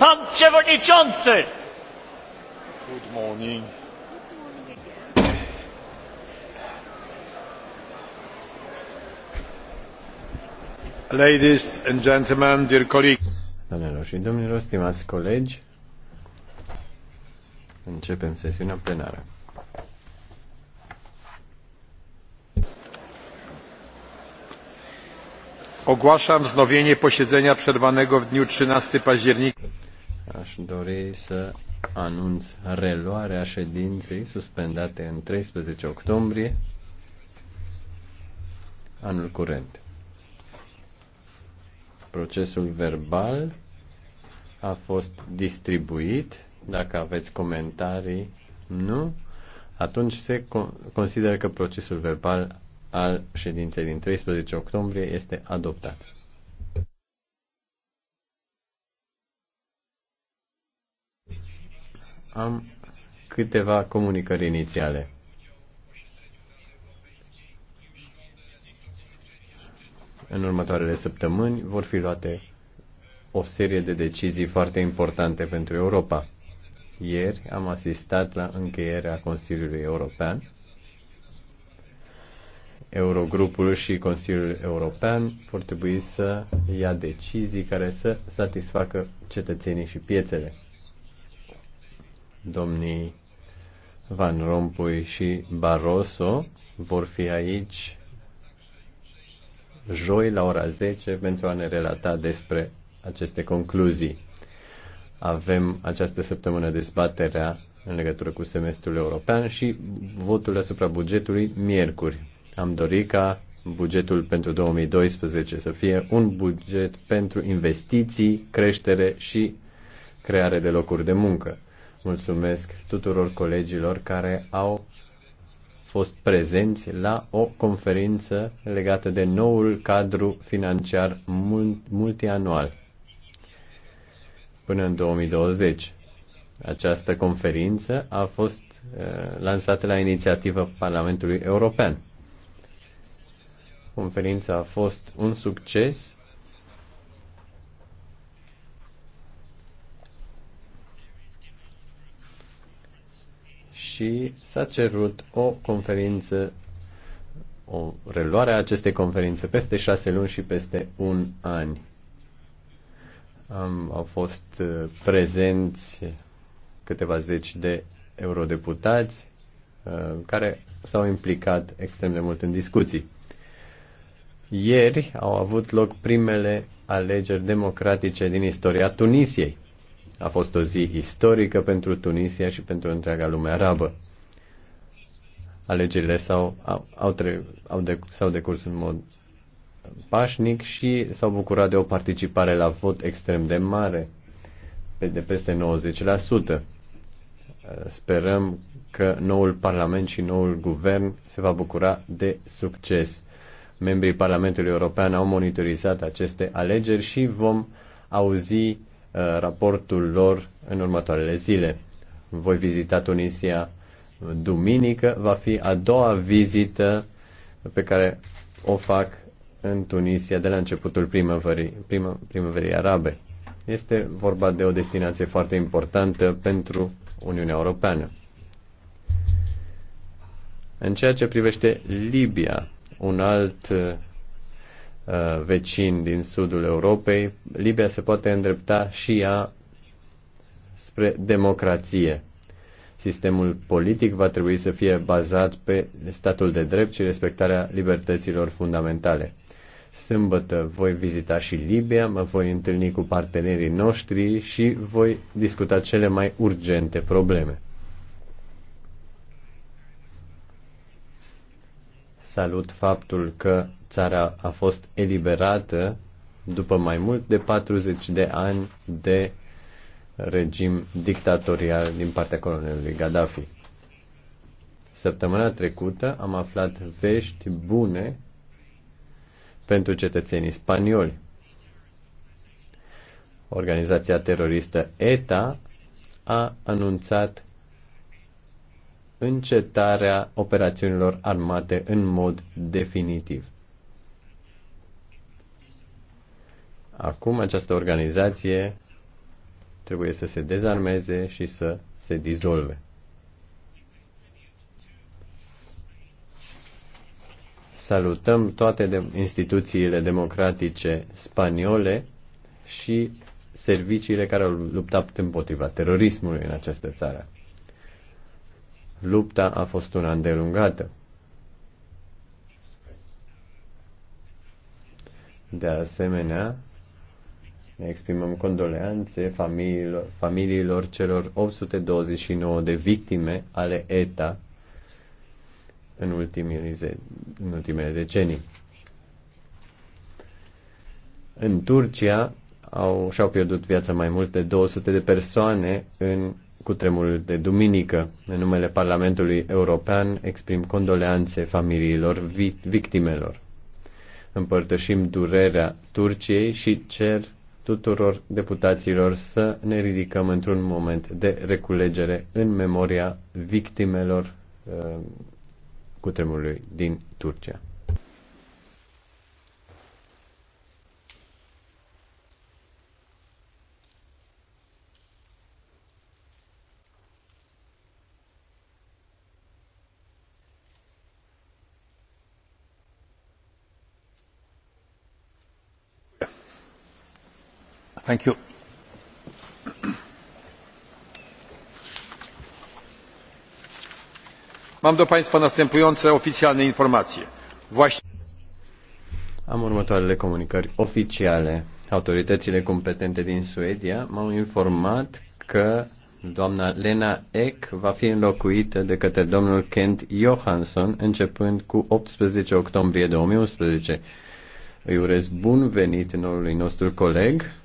Pan Przewodniczący! Good morning. Ladies and gentlemen, dear colleagues. Doamnelor și domnilor, stimați colegi, începem sesiunea plenară. ogłaszam wznowienie posiedzenia przerwanego w dniu 13 października aș dori să anunț reluarea ședinței suspendate în 13 octombrie anul curent. Procesul verbal a fost distribuit. Dacă aveți comentarii, nu, atunci se consideră că procesul verbal al ședinței din 13 octombrie este adoptat. am câteva comunicări inițiale. În următoarele săptămâni vor fi luate o serie de decizii foarte importante pentru Europa. Ieri am asistat la încheierea Consiliului European. Eurogrupul și Consiliul European vor trebui să ia decizii care să satisfacă cetățenii și piețele domnii Van Rompuy și Barroso vor fi aici joi la ora 10 pentru a ne relata despre aceste concluzii. Avem această săptămână dezbaterea în legătură cu semestrul european și votul asupra bugetului miercuri. Am dorit ca bugetul pentru 2012 să fie un buget pentru investiții, creștere și creare de locuri de muncă. Mulțumesc tuturor colegilor care au fost prezenți la o conferință legată de noul cadru financiar multianual până în 2020. Această conferință a fost uh, lansată la inițiativa Parlamentului European. Conferința a fost un succes și s-a cerut o conferință, o reluare a acestei conferințe peste șase luni și peste un an. Am, au fost uh, prezenți câteva zeci de eurodeputați uh, care s-au implicat extrem de mult în discuții. Ieri au avut loc primele alegeri democratice din istoria Tunisiei. A fost o zi istorică pentru Tunisia și pentru întreaga lume arabă. Alegerile s-au, au, au, de, s-au decurs în mod pașnic și s-au bucurat de o participare la vot extrem de mare, de peste 90%. Sperăm că noul Parlament și noul Guvern se va bucura de succes. Membrii Parlamentului European au monitorizat aceste alegeri și vom auzi Uh, raportul lor în următoarele zile. Voi vizita Tunisia duminică, va fi a doua vizită pe care o fac în Tunisia de la începutul primăverii, primă, primăverii arabe. Este vorba de o destinație foarte importantă pentru Uniunea Europeană. În ceea ce privește Libia, un alt uh, Uh, vecini din sudul Europei, Libia se poate îndrepta și ea spre democrație. Sistemul politic va trebui să fie bazat pe statul de drept și respectarea libertăților fundamentale. Sâmbătă voi vizita și Libia, mă voi întâlni cu partenerii noștri și voi discuta cele mai urgente probleme. Salut faptul că țara a fost eliberată după mai mult de 40 de ani de regim dictatorial din partea colonelului Gaddafi. Săptămâna trecută am aflat vești bune pentru cetățenii spanioli. Organizația teroristă ETA a anunțat încetarea operațiunilor armate în mod definitiv. Acum această organizație trebuie să se dezarmeze și să se dizolve. Salutăm toate de- instituțiile democratice spaniole și serviciile care au luptat împotriva terorismului în această țară. Lupta a fost una îndelungată. De asemenea, ne exprimăm condoleanțe familiilor, familiilor celor 829 de victime ale ETA în ultimele, în ultimele decenii. În Turcia au, și-au pierdut viața mai mult de 200 de persoane în cu tremurul de duminică. În numele Parlamentului European exprim condoleanțe familiilor vi- victimelor. Împărtășim durerea Turciei și cer tuturor deputaților să ne ridicăm într-un moment de reculegere în memoria victimelor uh, cutremurului din Turcia. Thank you. Mam do Państwa następujące oficjalne informacje. Właśnie... Am următoarele comunicări oficiale. Autoritățile competente din Suedia m-au informat că doamna Lena Ek va fi înlocuită de către domnul Kent Johansson începând cu 18 octombrie 2011. Îi urez bun venit noului nostru coleg